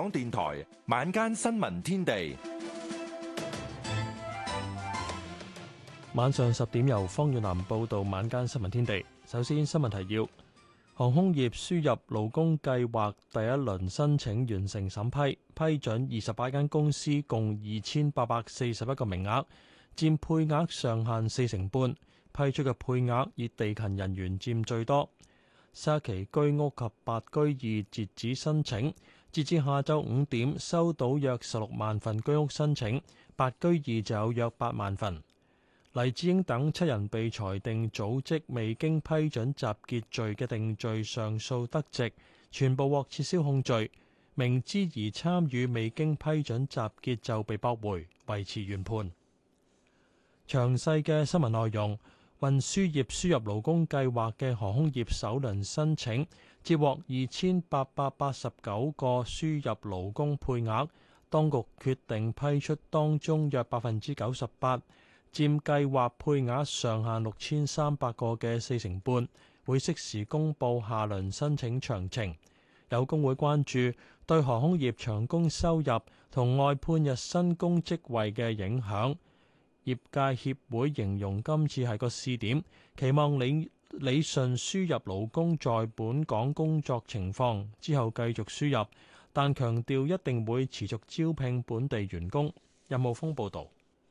港電台晚間新聞天地，晚上十點由方遠南報道。晚間新聞天地，首先新聞提要：航空業輸入勞工計劃第一輪申請完成審批，批准二十八間公司共二千八百四十一個名額，佔配額上限四成半。批出嘅配額以地勤人員佔最多。沙期居屋及白居二截止申請。截至下晝五點，收到約十六萬份居屋申請，白居二就有約八萬份。黎智英等七人被裁定組織未經批准集結罪嘅定罪上訴得直，全部獲撤銷控罪。明知而參與未經批准集結就被駁回，維持原判。詳細嘅新聞內容。運輸業輸入勞工計劃嘅航空業首輪申請接獲二千八百八十九個輸入勞工配額，當局決定批出當中約百分之九十八，佔計劃配額上限六千三百個嘅四成半，會適時公佈下輪申請詳情。有工會關注對航空業長工收入同外判日薪工職位嘅影響。業界協會形容今次係個試點，期望李李順輸入勞工在本港工作情況，之後繼續輸入，但強調一定會持續招聘本地員工。任浩峯報導。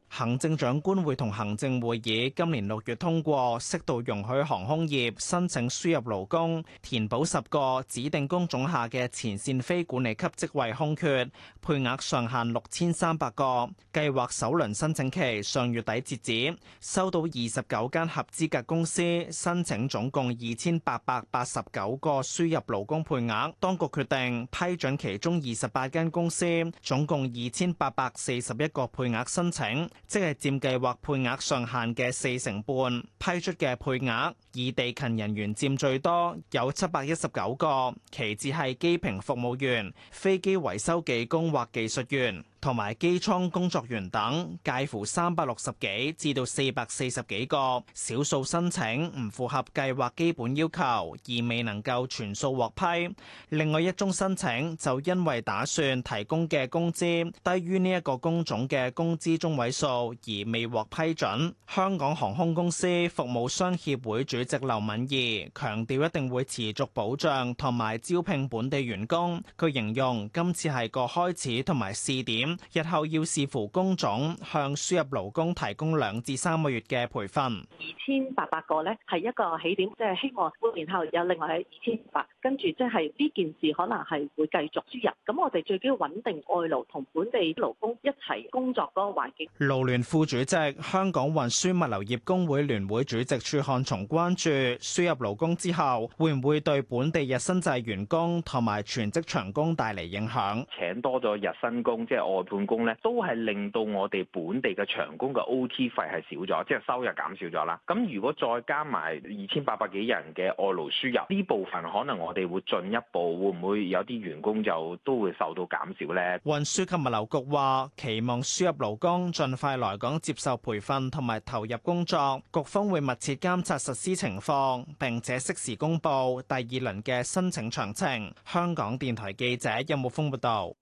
行政長官會同行政會議今年六月通過，適度容許航空業申請輸入勞工，填補十個指定工種下嘅前線非管理級職位空缺，配額上限六千三百個。計劃首輪申請期上月底截止，收到二十九間合資格公司申請總共二千八百八十九個輸入勞工配額。當局決定批准其中二十八間公司總共二千八百四十一個配額申請。即係佔計劃配額上限嘅四成半，批出嘅配額，以地勤人員佔最多，有七百一十九個，其次係機坪服務員、飛機維修技工或技術員。同埋機艙工作員等，介乎三百六十幾至到四百四十幾個，少數申請唔符合計劃基本要求而未能夠全數獲批。另外一宗申請就因為打算提供嘅工資低於呢一個工種嘅工資中位數而未獲批准。香港航空公司服務商協會主席劉敏儀強調，一定會持續保障同埋招聘本地員工。佢形容今次係個開始同埋試點。日後要視乎工種，向輸入勞工提供兩至三個月嘅培訓。二千八百個呢係一個起點，即係希望，半年後有另外喺二千五百，跟住即係呢件事可能係會繼續輸入。咁我哋最緊要穩定外勞同本地勞工一齊工作嗰個環境。勞聯副主席、香港運輸物流業工會聯會主席處漢松關注輸入勞工之後，會唔會對本地日薪制員工同埋全職長工帶嚟影響？請多咗日薪工，即係我。外判工咧，都係令到我哋本地嘅長工嘅 OT 費係少咗，即係收入減少咗啦。咁如果再加埋二千八百幾人嘅外勞輸入，呢部分可能我哋會進一步，會唔會有啲員工就都會受到減少咧？運輸及物流局話，期望輸入勞工盡快來港接受培訓同埋投入工作，局方會密切監察實施情況，並且適時公布第二輪嘅申請詳情。香港電台記者任木峯報道。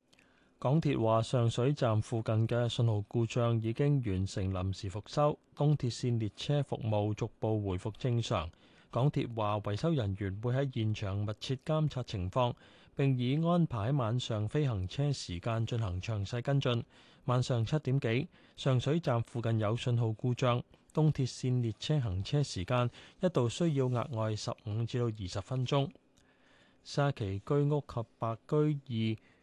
港鐵話：上水站附近嘅信號故障已經完成臨時復修，東鐵線列車服務逐步回復正常。港鐵話，維修人員會喺現場密切監察情況，並已安排喺晚上非行車時間進行詳細跟進。晚上七點幾，上水站附近有信號故障，東鐵線列車行車時間一度需要額外十五至到二十分鐘。沙奇居屋及白居二。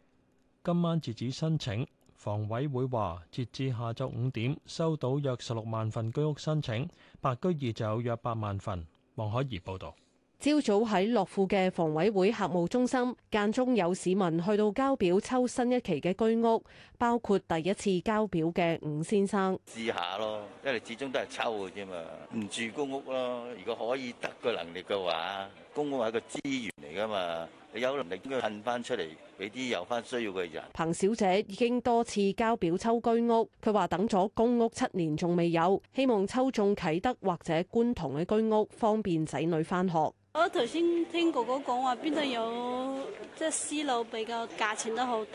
今晚截止申請，房委會話，截至下晝五點收到約十六萬份居屋申請，白居二就有約八萬份。黃海怡報導。朝早喺樂富嘅房委會客務中心，間中有市民去到交表抽新一期嘅居屋，包括第一次交表嘅伍先生。試下咯，因為始終都係抽嘅啫嘛，唔住公屋咯。如果可以得個能力嘅話，公屋係一個資源嚟噶嘛。你有能力應該騰翻出嚟，俾啲有翻需要嘅人。彭小姐已經多次交表抽居屋，佢話等咗公屋七年仲未有，希望抽中啟德或者觀塘嘅居屋，方便仔女翻學。我頭先聽哥哥講話，邊度有即係、就是、私樓比較價錢都好低，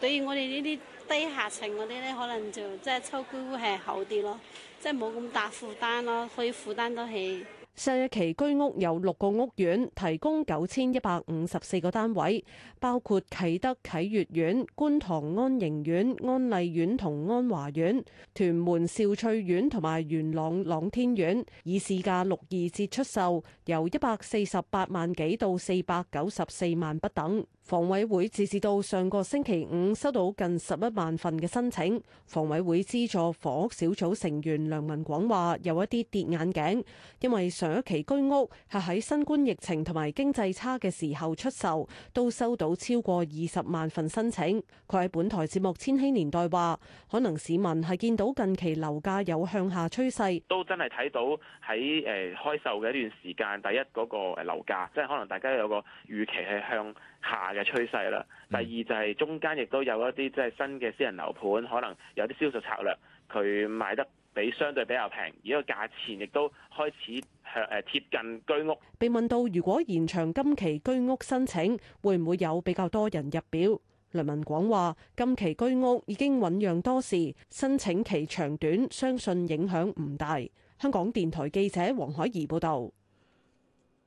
對於我哋呢啲低下層嗰啲咧，可能就即係抽居屋係好啲咯，即係冇咁大負擔咯，可以負擔得起。上一期居屋有六個屋苑提供九千一百五十四個單位，包括啟德啟悅苑、觀塘安盈苑、安麗苑同安華苑、屯門兆翠苑同埋元朗朗天苑，以市價六二折出售，由一百四十八萬幾到四百九十四萬不等。房委會截至到上個星期五收到近十一萬份嘅申請。房委會資助房屋小組成員梁文廣話，有一啲跌眼鏡，因為上一期居屋係喺新冠疫情同埋經濟差嘅時候出售，都收到超過二十萬份申請。佢喺本台節目《千禧年代》話，可能市民係見到近期樓價有向下趨勢，都真係睇到喺誒開售嘅一段時間，第一嗰個誒樓價，即係可能大家有個預期係向。下嘅趨勢啦。第二就係中間亦都有一啲即係新嘅私人樓盤，可能有啲銷售策略，佢賣得比相對比較平，而個價錢亦都開始向誒貼近居屋。被問到如果延長今期居屋申請，會唔會有比較多人入表？梁文廣話：今期居屋已經醞釀多時，申請期長短相信影響唔大。香港電台記者黃海怡報道。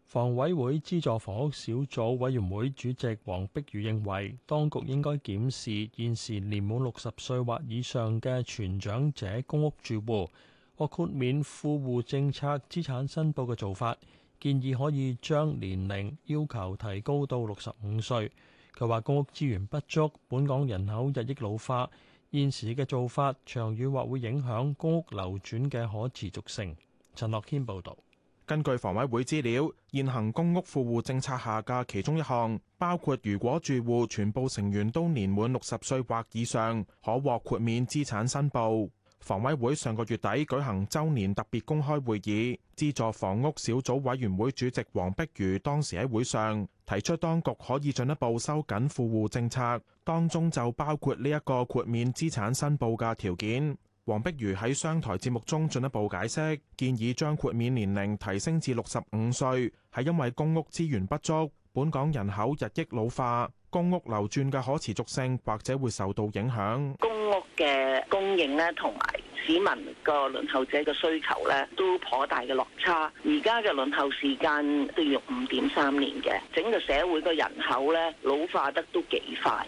房委會資助房屋小組委員會主席黃碧如認為，當局應該檢視現時年滿六十歲或以上嘅全長者公屋住戶可豁免富戶政策資產申報嘅做法，建議可以將年齡要求提高到六十五歲。佢話公屋資源不足，本港人口日益老化，現時嘅做法長遠或會影響公屋流轉嘅可持續性。陳樂謙報道。根據房委會資料，現行公屋富戶政策下嘅其中一項，包括如果住戶全部成員都年滿六十歲或以上，可獲豁免資產申報。房委會上個月底舉行周年特別公開會議，資助房屋小組委員會主席黃碧如當時喺會上提出，當局可以進一步收緊富戶政策，當中就包括呢一個豁免資產申報嘅條件。黃碧如喺商台節目中進一步解釋，建議將豁免年齡提升至六十五歲，係因為公屋資源不足，本港人口日益老化，公屋流轉嘅可持續性或者會受到影響。公屋嘅供應咧，同埋市民個輪候者嘅需求咧，都頗大嘅落差。而家嘅輪候時間都要五點三年嘅，整個社會個人口咧老化得都幾快。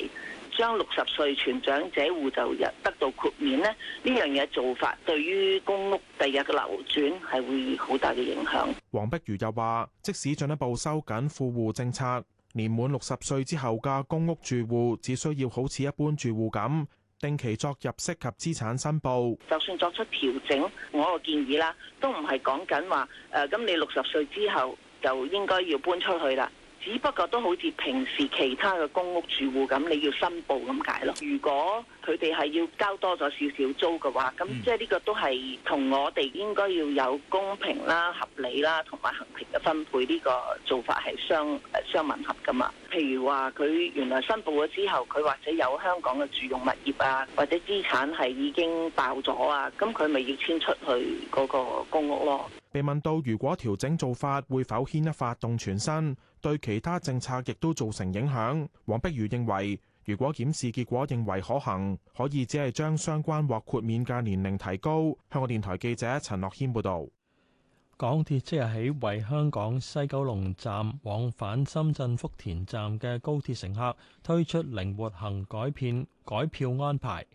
將六十歲全長者戶就入得到豁免咧，呢樣嘢做法對於公屋第日嘅流轉係會好大嘅影響。黃碧如又話，即使進一步收緊富戶政策，年滿六十歲之後嘅公屋住戶只需要好似一般住戶咁，定期作入息及資產申報。就算作出調整，我個建議啦，都唔係講緊話誒，咁你六十歲之後就應該要搬出去啦。只不過都好似平時其他嘅公屋住戶咁，你要申報咁解咯。如果佢哋係要交多咗少少租嘅話，咁即係呢個都係同我哋應該要有公平啦、合理啦同埋衡平嘅分配呢個做法係相相吻合噶嘛。譬如話，佢原來申報咗之後，佢或者有香港嘅住用物業啊，或者資產係已經爆咗啊，咁佢咪要遷出去嗰個公屋咯？被問到如果調整做法，會否牽一發動全身，對其他政策亦都造成影響，黃碧如認為，如果檢視結果認為可行，可以只係將相關或豁免嘅年齡提高。香港電台記者陳樂軒報導。港鐵即日起為香港西九龍站往返深圳福田站嘅高鐵乘客推出靈活行改片改票安排。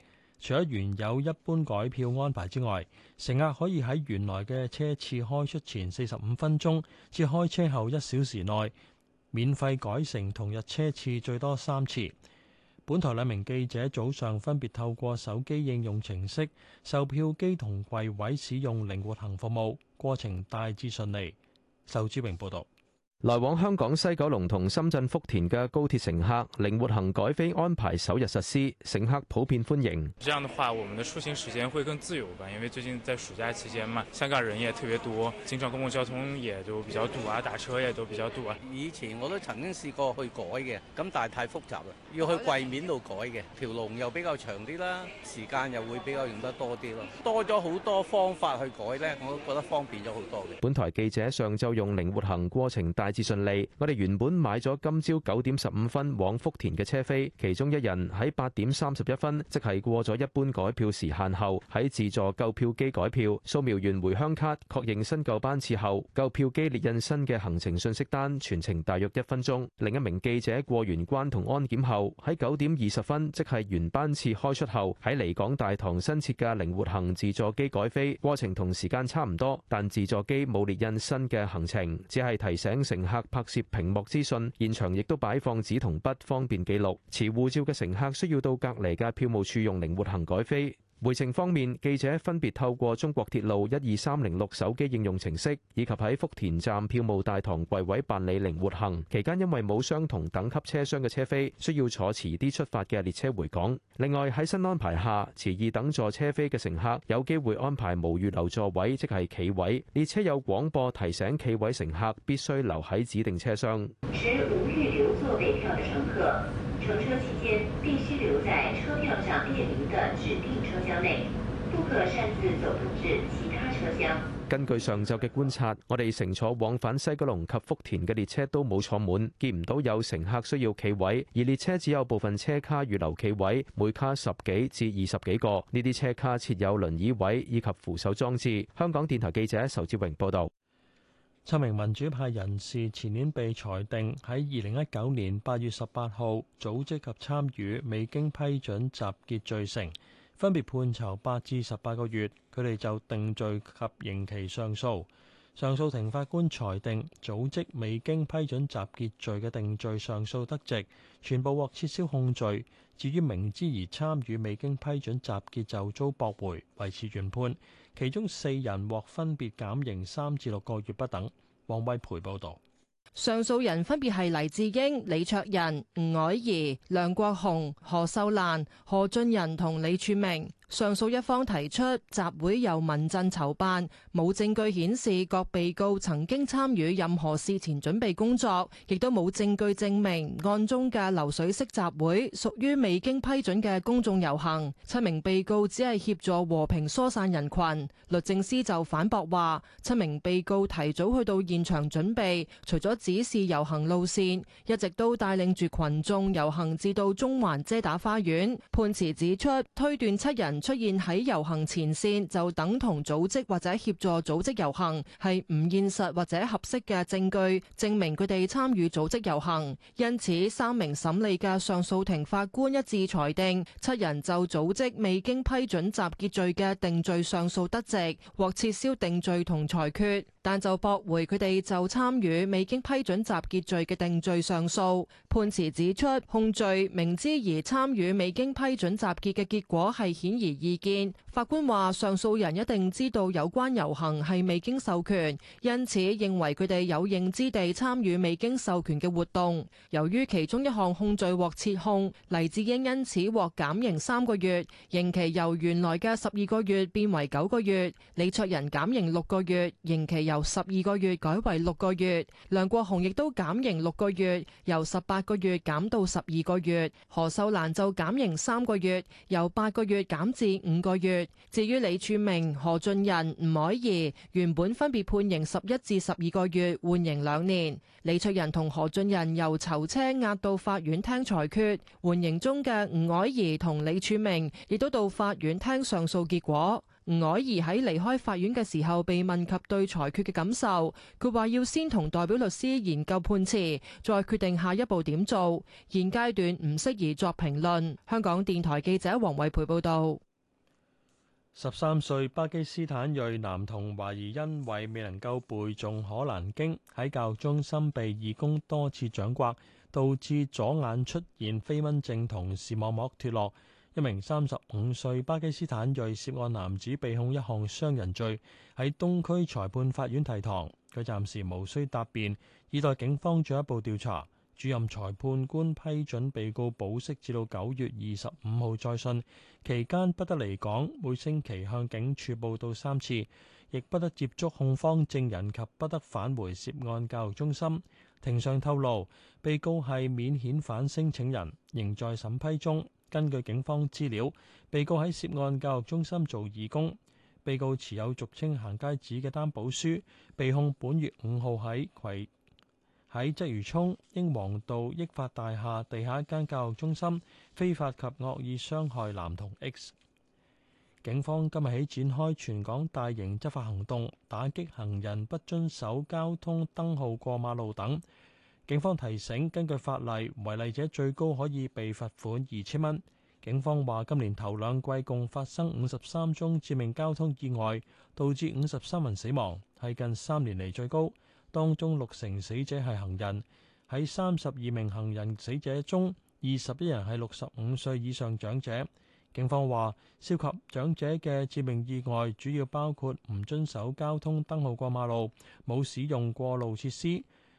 除咗原有一般改票安排之外，乘客可以喺原來嘅車次開出前四十五分鐘至開車後一小時內，免費改乘同日車次最多三次。本台兩名記者早上分別透過手機應用程式、售票機同櫃位使用靈活行服務，過程大致順利。仇志榮報道。來往香港西九龍同深圳福田嘅高鐵乘客靈活行改飛安排首日實施，乘客普遍歡迎。這樣的話，我們的出行時間會更自由吧，因為最近在暑假期間嘛，香港人也特別多，經常公共交通也都比較堵啊，打車也都比較堵啊。以前我都曾經試過去改嘅，咁但係太複雜啦，要去櫃面度改嘅，條龍又比較長啲啦，時間又會比較用得多啲咯。多咗好多方法去改咧，我都覺得方便咗好多嘅。本台記者上晝用靈活行過程帶至順利，我哋原本買咗今朝九點十五分往福田嘅車飛，其中一人喺八點三十一分，即係過咗一般改票時限後，喺自助購票機改票，掃描完回鄉卡，確認新舊班次後，購票機列印新嘅行程信息單，全程大約一分鐘。另一名記者過完關同安檢後，喺九點二十分，即係原班次開出後，喺離港大堂新設嘅靈活行自助機改飛，過程同時間差唔多，但自助機冇列印新嘅行程，只係提醒乘。乘客拍攝屏幕資訊，現場亦都擺放紙同筆，方便記錄。持護照嘅乘客需要到隔籬嘅票務處用靈活行改飛。回程方面，記者分別透過中國鐵路一二三零六手機應用程式，以及喺福田站票務大堂櫃位辦理靈活行。期間因為冇相同等級車廂嘅車飛，需要坐遲啲出發嘅列車回港。另外喺新安排下，持二等座車飛嘅乘客有機會安排無預留座位，即係企位。列車有廣播提醒企位乘客必須留喺指定車廂。乘車期間必須留在車票上列明的指定車廂內，不可擅自走動至其他車廂。根據上晝嘅觀察，我哋乘坐往返西九龍及福田嘅列車都冇坐滿，見唔到有乘客需要企位，而列車只有部分車卡預留企位，每卡十幾至二十幾個。呢啲車卡設有輪椅位以及扶手裝置。香港電台記者仇志榮報道。七名民主派人士前年被裁定喺二零一九年八月十八號組織及參與未經批准集結罪成，分別判囚八至十八個月。佢哋就定罪及刑期上訴，上訴庭法官裁定組織未經批准集結罪嘅定罪上訴得直，全部獲撤銷控罪。至於明知而參與未經批准集結就遭駁回，維持原判。其中四人獲分別減刑三至六個月不等。黃威培報導。上訴人分別係黎智英、李卓人、吳靄儀、梁國雄、何秀蘭、何俊仁同李柱銘。上訴一方提出集會由民陣籌辦，冇證據顯示各被告曾經參與任何事前準備工作，亦都冇證據證明案中嘅流水式集會屬於未經批准嘅公眾遊行。七名被告只係協助和平疏散人群。律政司就反駁話，七名被告提早去到現場準備，除咗指示遊行路線，一直都帶領住群眾遊行至到中環遮打花園。判詞指出，推斷七人。出現喺遊行前線，就等同組織或者協助組織遊行，係唔現實或者合適嘅證據，證明佢哋參與組織遊行。因此，三名審理嘅上訴庭法官一致裁定，七人就組織未經批准集結罪嘅定罪上訴得直，獲撤銷定罪同裁決，但就駁回佢哋就參與未經批准集結罪嘅定罪上訴。判詞指出，控罪明知而參與未經批准集結嘅結果係顯然。意見法官話，上訴人一定知道有關遊行係未經授權，因此認為佢哋有認知地參與未經授權嘅活動。由於其中一項控罪獲撤控，黎智英因此獲減刑三個月，刑期由原來嘅十二個月變為九個月。李卓人減刑六個月，刑期由十二個月改為六個月。梁國雄亦都減刑六個月，由十八個月減到十二個月。何秀蘭就減刑三個月，由八個月減。至五個月。至於李柱銘、何俊仁、吳靄儀原本分別判刑十一至十二個月，緩刑兩年。李卓人同何俊仁由囚車押到法院聽裁決，緩刑中嘅吳靄儀同李柱銘亦都到法院聽上訴結果。吳凱儀喺離開法院嘅時候被問及對裁決嘅感受，佢話要先同代表律師研究判詞，再決定下一步點做。現階段唔適宜作評論。香港電台記者黃慧培報道。十三歲巴基斯坦裔男童懷疑因為未能夠背誦可蘭經，喺教育中心被義工多次掌摑，導致左眼出現飛蚊症同視網膜脱落。一名三十五歲巴基斯坦裔涉，涉案男子被控一項傷人罪，喺東區裁判法院提堂。佢暫時無需答辯，以待警方進一步調查。主任裁判官批准被告保釋，至到九月二十五號再訊。期間不得離港，每星期向警署報到三次，亦不得接觸控方證人及不得返回涉案教育中心。庭上透露，被告係免遣返申請人，仍在審批中。根據警方資料，被告喺涉案教育中心做義工，被告持有俗稱行街紙嘅擔保書，被控本月五號喺葵喺鰂魚涌英皇道益發大廈地下一間教育中心非法及惡意傷害男童 X。警方今日起展開全港大型執法行動，打擊行人不遵守交通燈號過馬路等。警方提醒，根據法例，違例者最高可以被罰款二千蚊。警方話，今年頭兩季共發生五十三宗致命交通意外，導致五十三人死亡，係近三年嚟最高。當中六成死者係行人，喺三十二名行人死者中，二十一人係六十五歲以上長者。警方話，涉及長者嘅致命意外，主要包括唔遵守交通燈號過馬路，冇使用過路設施。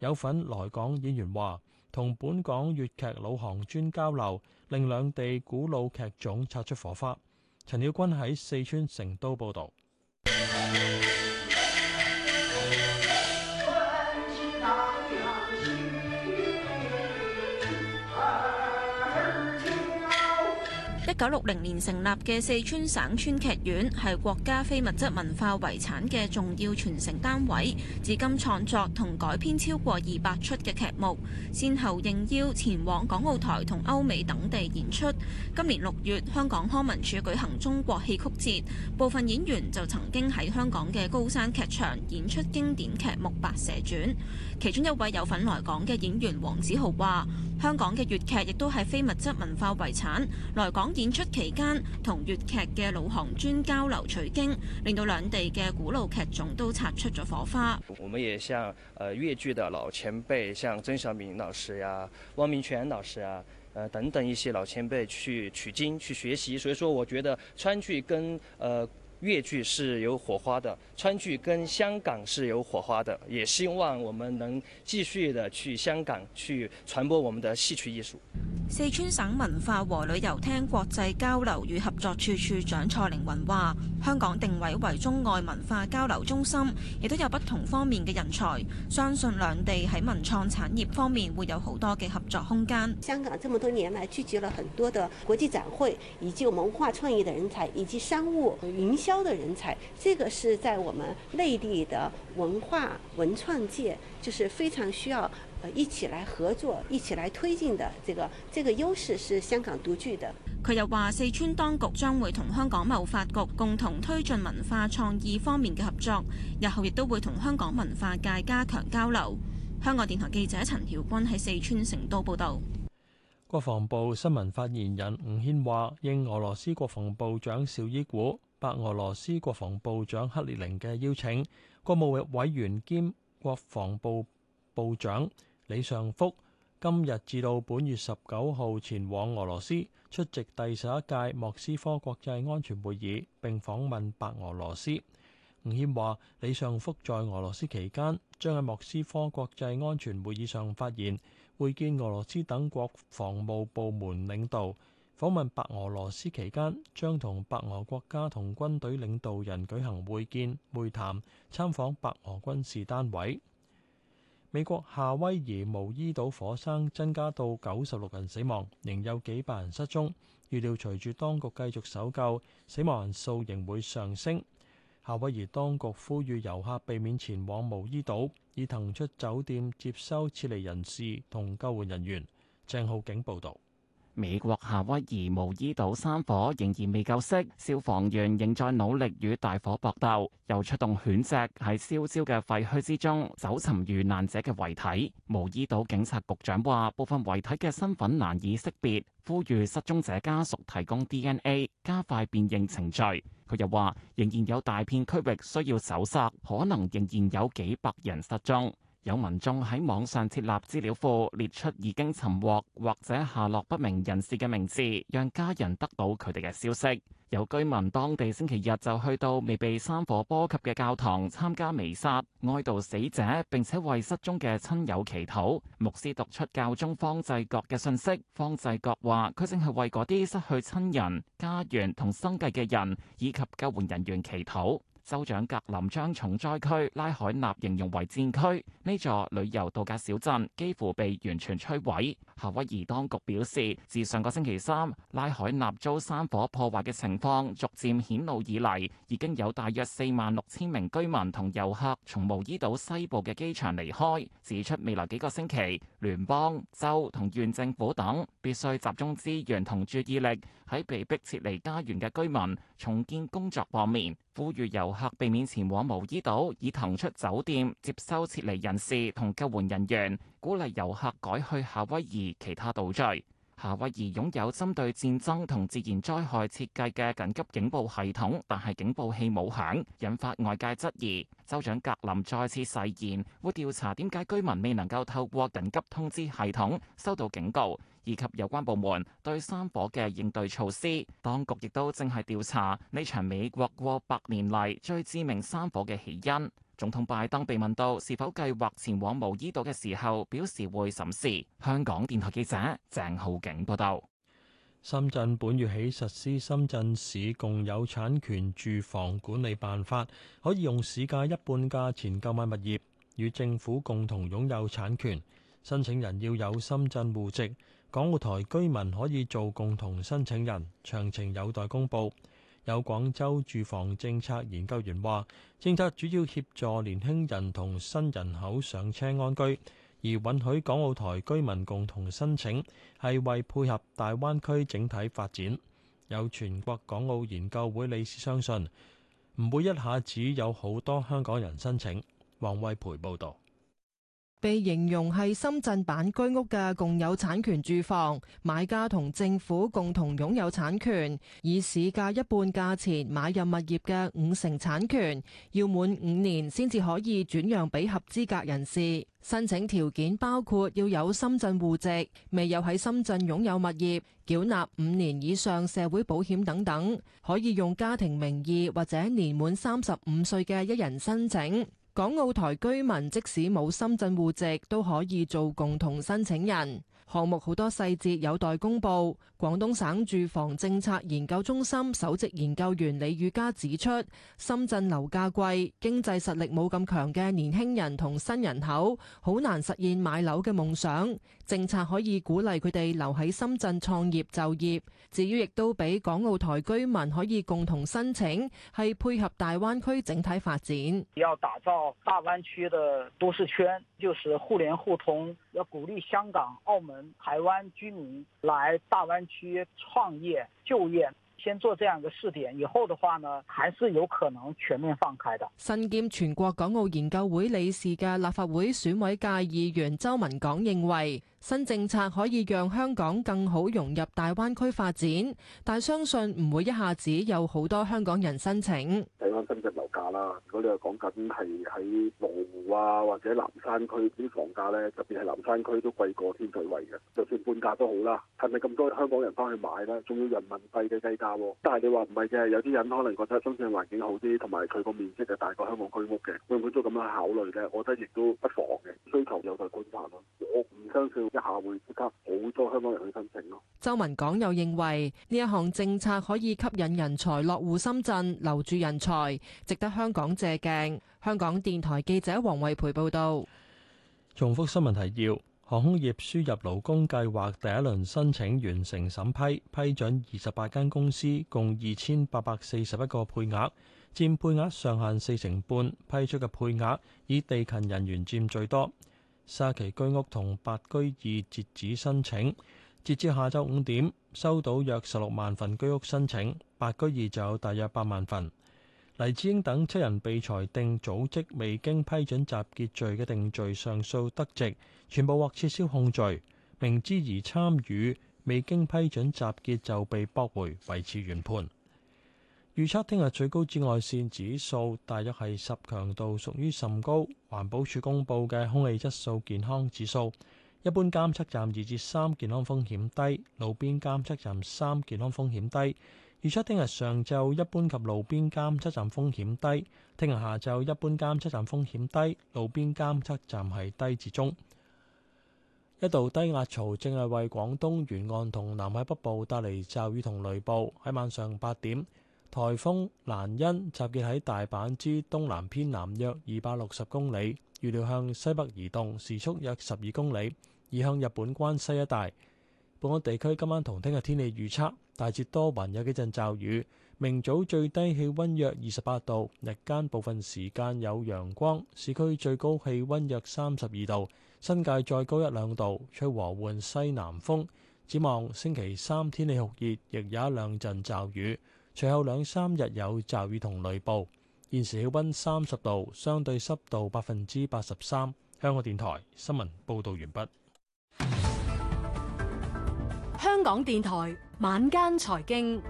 有份來港演員話，同本港粵劇老行專交流，令兩地古老劇種擦出火花。陳曉君喺四川成都報導。 1960年成立嘅四川省川劇院係國家非物質文化遺產嘅重要傳承單位，至今創作同改編超過二百出嘅劇目，先後應邀前往港澳台同歐美等地演出。今年六月，香港康文署舉行中國戲曲節，部分演員就曾經喺香港嘅高山劇場演出經典劇目《白蛇傳》，其中一位有份來港嘅演員黃子豪話。香港嘅粵劇亦都係非物質文化遺產，來港演出期間，同粵劇嘅老行專交流取經，令到兩地嘅古老劇種都擦出咗火花。我們也向呃粵劇的老前輩，таки, 像曾小敏老師呀、汪明荃老師啊，呃、啊、等等一些老前輩去取經去學習，所以說，我覺得川劇跟呃。粵劇是有火花的，川劇跟香港是有火花的，也希望我們能繼續的去香港去傳播我們的戲曲藝術。四川省文化和旅遊廳國際交流與合作處處長蔡凌雲話：香港定位為中外文化交流中心，亦都有不同方面嘅人才，相信兩地喺文創產業方面會有好多嘅合作空間。香港這麼多年來聚集了很多的國際展會，以及文化創意的人才，以及商務營銷的人才，這個是在我們內地的文化文創界，就是非常需要，一起來合作，一起來推進的，這個這個優勢是香港獨具的。佢又話：四川當局將會同香港貿發局共同推進文化創意方面嘅合作，日後亦都會同香港文化界加強交流。香港電台記者陳曉君喺四川成都報道。國防部新聞發言人吳憲話：應俄羅斯國防部長邵伊古、白俄羅斯國防部長克列寧嘅邀請，國務委員兼國防部部長。李尚福今日至到本月十九號前往俄羅斯出席第十一屆莫斯科國際安全會議並訪問白俄羅斯。吳謙話：李尚福在俄羅斯期間將喺莫斯科國際安全會議上發言，會見俄羅斯等國防務部門領導，訪問白俄羅斯期間將同白俄國家同軍隊領導人舉行會見、會談，參訪白俄軍事單位。美國夏威夷毛伊島火山增加到九十六人死亡，仍有幾百人失蹤。預料隨住當局繼續搜救，死亡人數仍會上升。夏威夷當局呼籲遊客避免前往毛伊島，以騰出酒店接收撤離人士同救援人員。鄭浩景報道。美國夏威夷毛伊島山火仍然未救熄，消防員仍在努力與大火搏鬥，又出動犬隻喺燒焦嘅廢墟之中搜尋遇難者嘅遺體。毛伊島警察局長話，部分遺體嘅身份難以識別，呼籲失蹤者家屬提供 DNA，加快辨認程序。佢又話，仍然有大片區域需要搜索，可能仍然有幾百人失蹤。有民眾喺網上設立資料庫，列出已經尋獲或者下落不明人士嘅名字，讓家人得到佢哋嘅消息。有居民當地星期日就去到未被山火波及嘅教堂參加彌撒，哀悼死者，並且為失蹤嘅親友祈禱。牧師讀出教宗方濟各嘅信息。方濟各話：佢正係為嗰啲失去親人、家園同生計嘅人，以及救援人員祈禱。州長格林將重災區拉海納形容為戰區，呢座旅遊度假小鎮幾乎被完全摧毀。夏威夷當局表示，自上個星期三拉海納遭山火破壞嘅情況逐漸顯露以嚟，已經有大約四萬六千名居民同遊客從毛伊島西部嘅機場離開。指出未來幾個星期，聯邦、州同縣政府等必須集中資源同注意力喺被迫撤離家園嘅居民重建工作方面，呼籲遊。遊客避免前往毛伊島，以騰出酒店接收撤離人士同救援人員。鼓勵遊客改去夏威夷其他島嶼。夏威夷擁有針對戰爭同自然災害設計嘅緊急警報系統，但係警報器冇響，引發外界質疑。州長格林再次誓言會調查點解居民未能夠透過緊急通知系統收到警告。以及有關部門對山火嘅應對措施，當局亦都正係調查呢場美國過百年嚟，最知名山火嘅起因。總統拜登被問到是否計劃前往毛伊島嘅時候，表示會審視。香港電台記者鄭浩景報道。深圳本月起實施《深圳市共有產權住房管理辦法》，可以用市價一半價錢購買物業，與政府共同擁有產權，申請人要有深圳戶籍。港澳台居民可以做共同申請人，詳情有待公佈。有廣州住房政策研究員話，政策主要協助年輕人同新人口上車安居，而允許港澳台居民共同申請係為配合大灣區整體發展。有全國港澳研究會理事相信，唔會一下子有好多香港人申請。黃惠培報導。被形容係深圳版居屋嘅共有產權住房，買家同政府共同擁有產權，以市價一半價錢買入物業嘅五成產權，要滿五年先至可以轉讓俾合資格人士。申請條件包括要有深圳戶籍、未有喺深圳擁有物業、繳納五年以上社會保險等等，可以用家庭名義或者年滿三十五歲嘅一人申請。港澳台居民即使冇深圳戶籍，都可以做共同申請人。項目好多細節有待公布。廣東省住房政策研究中心首席研究員李宇嘉指出，深圳樓價貴，經濟實力冇咁強嘅年輕人同新人口，好難實現買樓嘅夢想。政策可以鼓勵佢哋留喺深圳創業就業，至於亦都俾港澳台居民可以共同申請，係配合大灣區整體發展。要打造大灣區的都市圈，就是互聯互通，要鼓勵香港、澳門、台灣居民來大灣區創業就業，先做這樣一個試點，以後的話呢，還是有可能全面放開的。身兼全國港澳研究會理事嘅立法會選委界議員周文港認為，新政策可以讓香港更好融入大灣區發展，但相信唔會一下子有好多香港人申請。睇翻深圳樓價啦，如果你話講緊係喺羅湖啊或者南山區啲房價咧，特別係南山區都貴過天水圍嘅，就算半價都好啦。係咪咁多香港人翻去買咧？仲要人民幣嘅計價喎。但係你話唔係嘅，有啲人可能覺得深圳環境好啲，同埋佢個面積就大過香港居屋嘅，會唔會都咁樣考慮咧？我覺得亦都不妨嘅，需求有待觀察咯。我唔相信一下會即刻好多香港人去申請咯。周文港又認為呢一項政策可以吸引人才落戶深圳，留住人才，值得香港借鏡。香港電台記者黃惠培報道。重複新聞提要：航空業輸入勞工計劃第一輪申請完成審批，批准二十八間公司，共二千八百四十一個配額，佔配額上限四成半。批出嘅配額以地勤人員佔最多。沙琪，居屋同白居二截止申請，截至下晝五點收到約十六萬份居屋申請，白居二就有大約八萬份。黎智英等七人被裁定組織未經批准集結罪嘅定罪上訴得直，全部獲撤銷控罪，明知而參與未經批准集結就被駁回，維持原判。預測聽日最高紫外線指數大約係十，強度屬於甚高。環保署公布嘅空氣質素健康指數，一般監測站二至三，健康風險低；路邊監測站三，健康風險低。預測聽日上晝一般及路邊監測站風險低，聽日下晝一般監測站風險低，路邊監測站係低至中。一道低壓槽正係為廣東沿岸同南海北部帶嚟驟雨同雷暴，喺晚上八點。颱風蘭恩集結喺大阪之東南偏南約二百六十公里，預料向西北移動，時速約十二公里，移向日本關西一帶。本港地區今晚同聽日天氣預測，大致多雲，有幾陣驟雨。明早最低氣溫約二十八度，日間部分時間有陽光，市區最高氣溫約三十二度，新界再高一兩度，吹和緩西南風。展望星期三天氣酷熱，亦有一兩陣驟雨。隨最後兩三日有驟雨同雷暴，現時氣溫三十度，相對濕度百分之八十三。香港電台新聞報道完畢。香港電台晚間財經，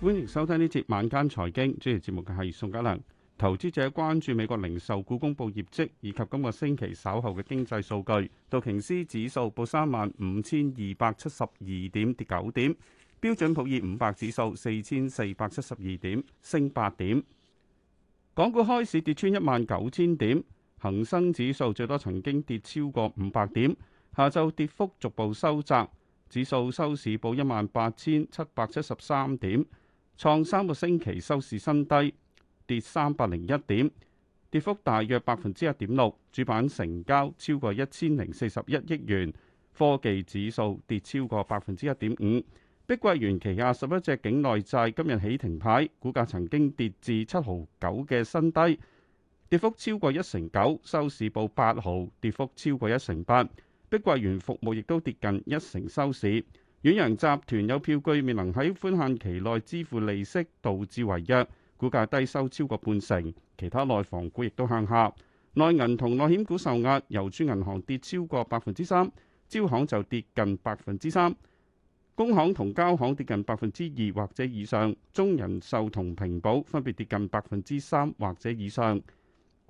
歡迎收聽呢節晚間財經，主持節目嘅係宋嘉良。投資者關注美國零售股公布業績以及今個星期稍後嘅經濟數據。道瓊斯指數報三萬五千二百七十二點，跌九點。標準普爾五百指數四千四百七十二點，升八點。港股開市跌穿一萬九千點，恒生指數最多曾經跌超過五百點。下晝跌幅逐步收窄，指數收市報一萬八千七百七十三點，創三個星期收市新低。跌三百零一點，跌幅大約百分之一點六。主板成交超過一千零四十一億元，科技指數跌超過百分之一點五。碧桂園旗下十一隻境內債今日起停牌，股價曾經跌至七毫九嘅新低，跌幅超過一成九，收市報八毫，跌幅超過一成八。碧桂園服務亦都跌近一成，收市。遠洋集團有票據未能喺寬限期內支付利息，導致違約。股價低收超過半成，其他內房股亦都向下。內銀同內險股受壓，郵儲銀行跌超過百分之三，招行就跌近百分之三，工行同交行跌近百分之二或者以上，中人壽同平保分別跌近百分之三或者以上。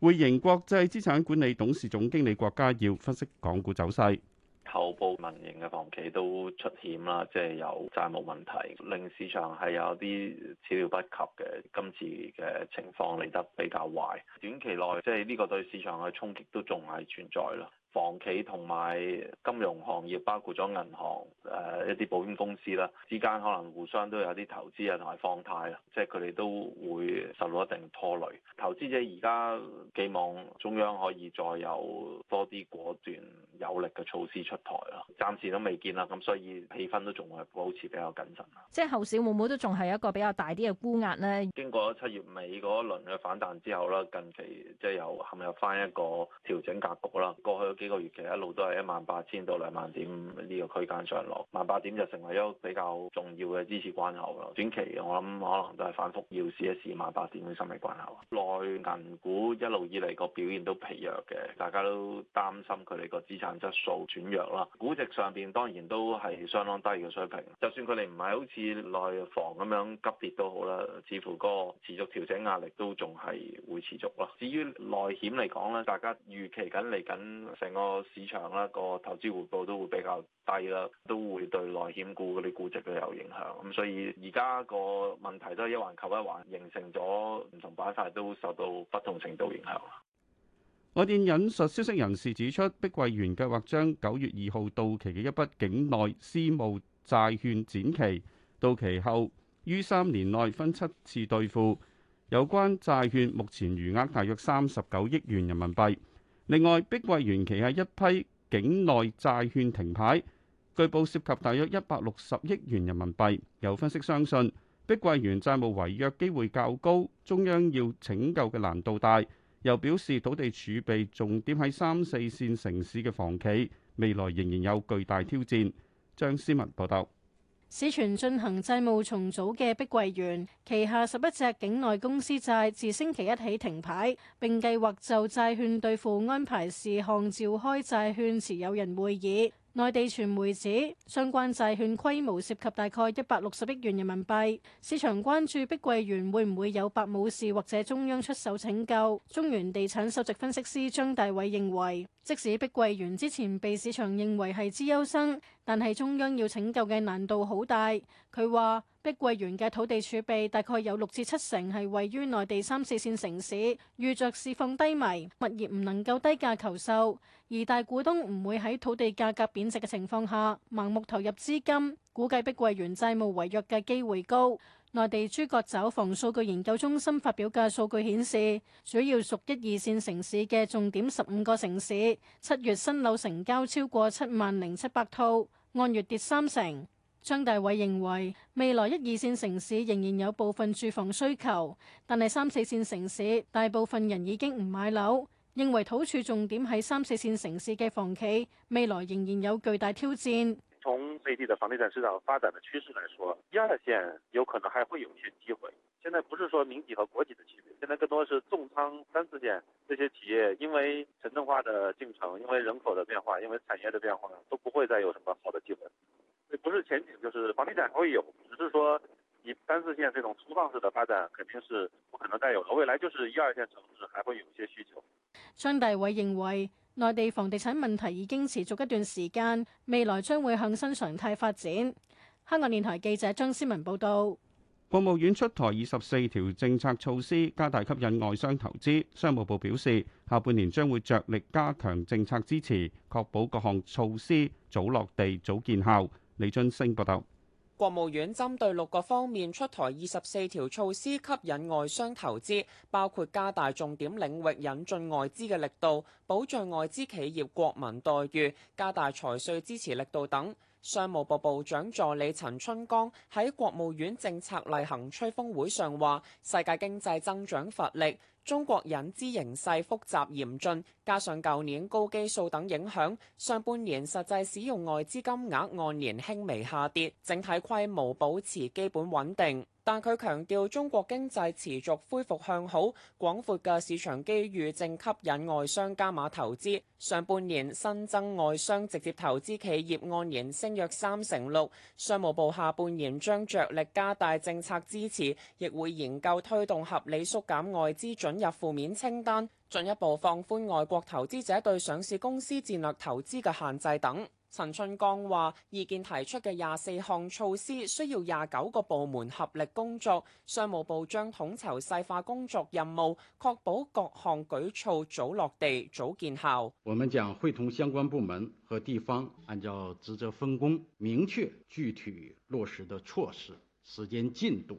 匯盈國際資產管理董事總經理郭家耀分析港股走勢。後部民營嘅房企都出險啦，即係有債務問題，令市場係有啲始料不及嘅。今次嘅情況嚟得比較壞，短期內，即係呢個對市場嘅衝擊都仲係存在咯。房企同埋金融行業包括咗銀行、誒、呃、一啲保險公司啦，之間可能互相都有啲投資啊，同埋放貸啊，即係佢哋都會受到一定拖累。投資者而家寄望中央可以再有多啲果斷有力嘅措施出台咯，暫時都未見啦。咁所以氣氛都仲係保持比較謹慎。即係後市會唔會都仲係一個比較大啲嘅沽壓咧？經過七月尾嗰一輪嘅反彈之後啦，近期即係又陷入翻一個調整格局啦。過去呢個月期一路都係一萬八千到兩萬點呢個區間上落，萬八點就成為一個比較重要嘅支持關口咯。短期我諗可能都係反覆要試一試萬八點嘅心理關口。內銀股一路以嚟個表現都疲弱嘅，大家都擔心佢哋個資產質素轉弱啦。估值上面當然都係相當低嘅水平，就算佢哋唔係好似內房咁樣急跌都好啦，似乎個持續調整壓力都仲係會持續咯。至於內險嚟講咧，大家預期緊嚟緊，成個市場啦，個投資回報都會比較低啦，都會對內險股嗰啲估值都有影響，咁，所以而家個問題都係一環扣一環，形成咗唔同板塊都受到不同程度影響。我哋引述消息人士指出，碧桂園計劃將九月二號到期嘅一筆境內私募債券展期到期後，於三年內分七次兌付。有關債券目前餘額，額大約三十九億元人民幣。另外，碧桂園旗下一批境內債券停牌，據報涉及大約一百六十億元人民幣。有分析相信，碧桂園債務違約機會較高，中央要拯救嘅難度大。又表示，土地儲備重點喺三四線城市嘅房企，未來仍然有巨大挑戰。張思文報道。市傳進行債務重組嘅碧桂園，旗下十一隻境內公司債自星期一起停牌，並計劃就債券兌付安排事項召開債券持有人會議。內地傳媒指相關債券規模涉及大概一百六十億元人民幣，市場關注碧桂園會唔會有白武士或者中央出手拯救。中原地產首席分析師張大偉認為，即使碧桂園之前被市場認為係資優生，但係中央要拯救嘅難度好大。佢話。碧桂園嘅土地儲備大概有六至七成係位於內地三四線城市，預著市況低迷，物業唔能夠低價求售，而大股東唔會喺土地價格貶值嘅情況下盲目投入資金，估計碧桂園債務違約嘅機會高。內地諸葛找房數據研究中心發表嘅數據顯示，主要屬一二線城市嘅重點十五個城市，七月新樓成交超過七萬零七百套，按月跌三成。張大偉認為，未來一二線城市仍然有部分住房需求，但係三四線城市大部分人已經唔買樓，認為土儲重點係三四線城市嘅房企，未來仍然有巨大挑戰。從內地的房地產市場發展嘅趨勢來說，一二線有可能還會有一些機會。現在不是說民企和國企的區別，現在更多的是重倉三四線這些企業，因為城鎮化的進程，因為人口的變化，因為產業的變化，都不會再有什麼好的機會。這不是前景，就是房地產會有，只是說你三四線這種粗放式的發展肯定是不可能再有了。未來就是一二線城市還會有一些需求。張大偉認為，內地房地產問題已經持續一段時間，未來將會向新常態發展。香港電台記者張思文報道。國務院出台二十四條政策措施，加大吸引外商投資。商務部表示，下半年將會着力加強政策支持，確保各項措施早落地、早見效。李津升報道，國務院針對六個方面出台二十四條措施，吸引外商投資，包括加大重點領域引進外資嘅力度，保障外資企業國民待遇，加大財稅支持力度等。商務部部長助理陳春光喺國務院政策例行吹風會上話，世界經濟增長乏力。中國引資形勢複雜嚴峻，加上舊年高基數等影響，上半年實際使用外資金額按年輕微下跌，整體規模保持基本穩定。但佢強調中國經濟持續恢復向好，廣闊嘅市場機遇正吸引外商加碼投資。上半年新增外商直接投資企業按年升約三成六。商務部下半年將着力加大政策支持，亦會研究推動合理縮減外資準入負面清單，進一步放寬外國投資者對上市公司戰略投資嘅限制等。陳春江話：意見提出嘅廿四項措施，需要廿九個部門合力工作。商務部將統籌細化工作任務，確保各項舉措早落地、早見效。我們將會同相關部門和地方，按照職責分工，明確具體落實的措施、時間進度。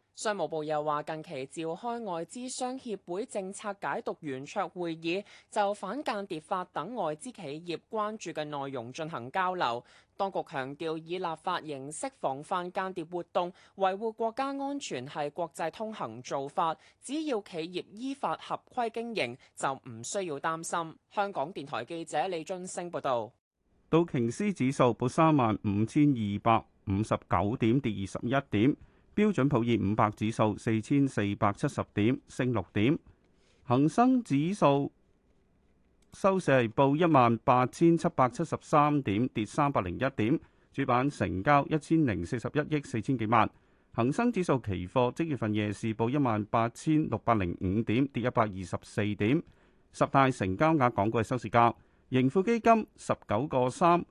商務部又話，近期召開外資商協會政策解讀圓桌會議，就反間諜法等外資企業關注嘅內容進行交流。當局強調，以立法形式防範間諜活動、維護國家安全係國際通行做法，只要企業依法合規經營，就唔需要擔心。香港電台記者李津升報道。道瓊斯指數報三萬五千二百五十九點，跌二十一點。標準普爾五百指數四千四百七十點升六點，恒生指數收市報一萬八千七百七十三點，跌三百零一點。主板成交一千零四十一億四千幾萬。恒生指數期貨即月份夜市報一萬八千六百零五點，跌一百二十四點。十大成交額港股嘅收市價，盈富基金十九個三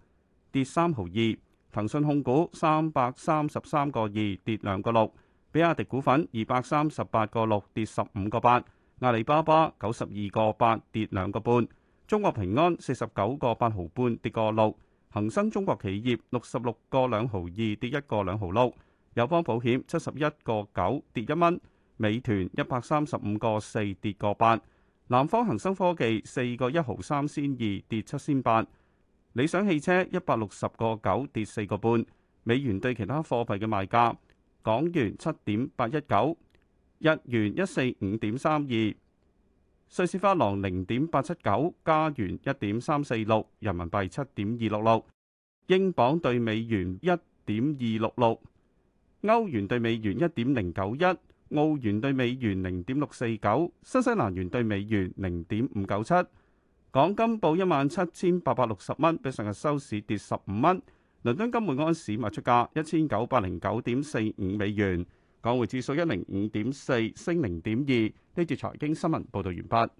跌三毫二。騰訊控股三百三十三個二跌兩個六，比亞迪股份二百三十八個六跌十五個八，阿里巴巴九十二個八跌兩個半，中國平安四十九個八毫半跌個六，恒生中國企業六十六個兩毫二跌一個兩毫六，友邦保險七十一個九跌一蚊，美團一百三十五個四跌個八，南方恒生科技四個一毫三先二跌七先八。理想汽車一百六十個九跌四個半。美元對其他貨幣嘅賣價：港元七點八一九，日元一四五點三二，瑞士法郎零點八七九，加元一點三四六，人民幣七點二六六，英鎊對美元一點二六六，歐元對美元一點零九一，澳元對美元零點六四九，新西蘭元對美元零點五九七。港金報一萬七千八百六十蚊，比上日收市跌十五蚊。倫敦金每安市賣出價一千九百零九點四五美元。港匯指數一零五點四升零點二。呢段財經新聞報道完畢。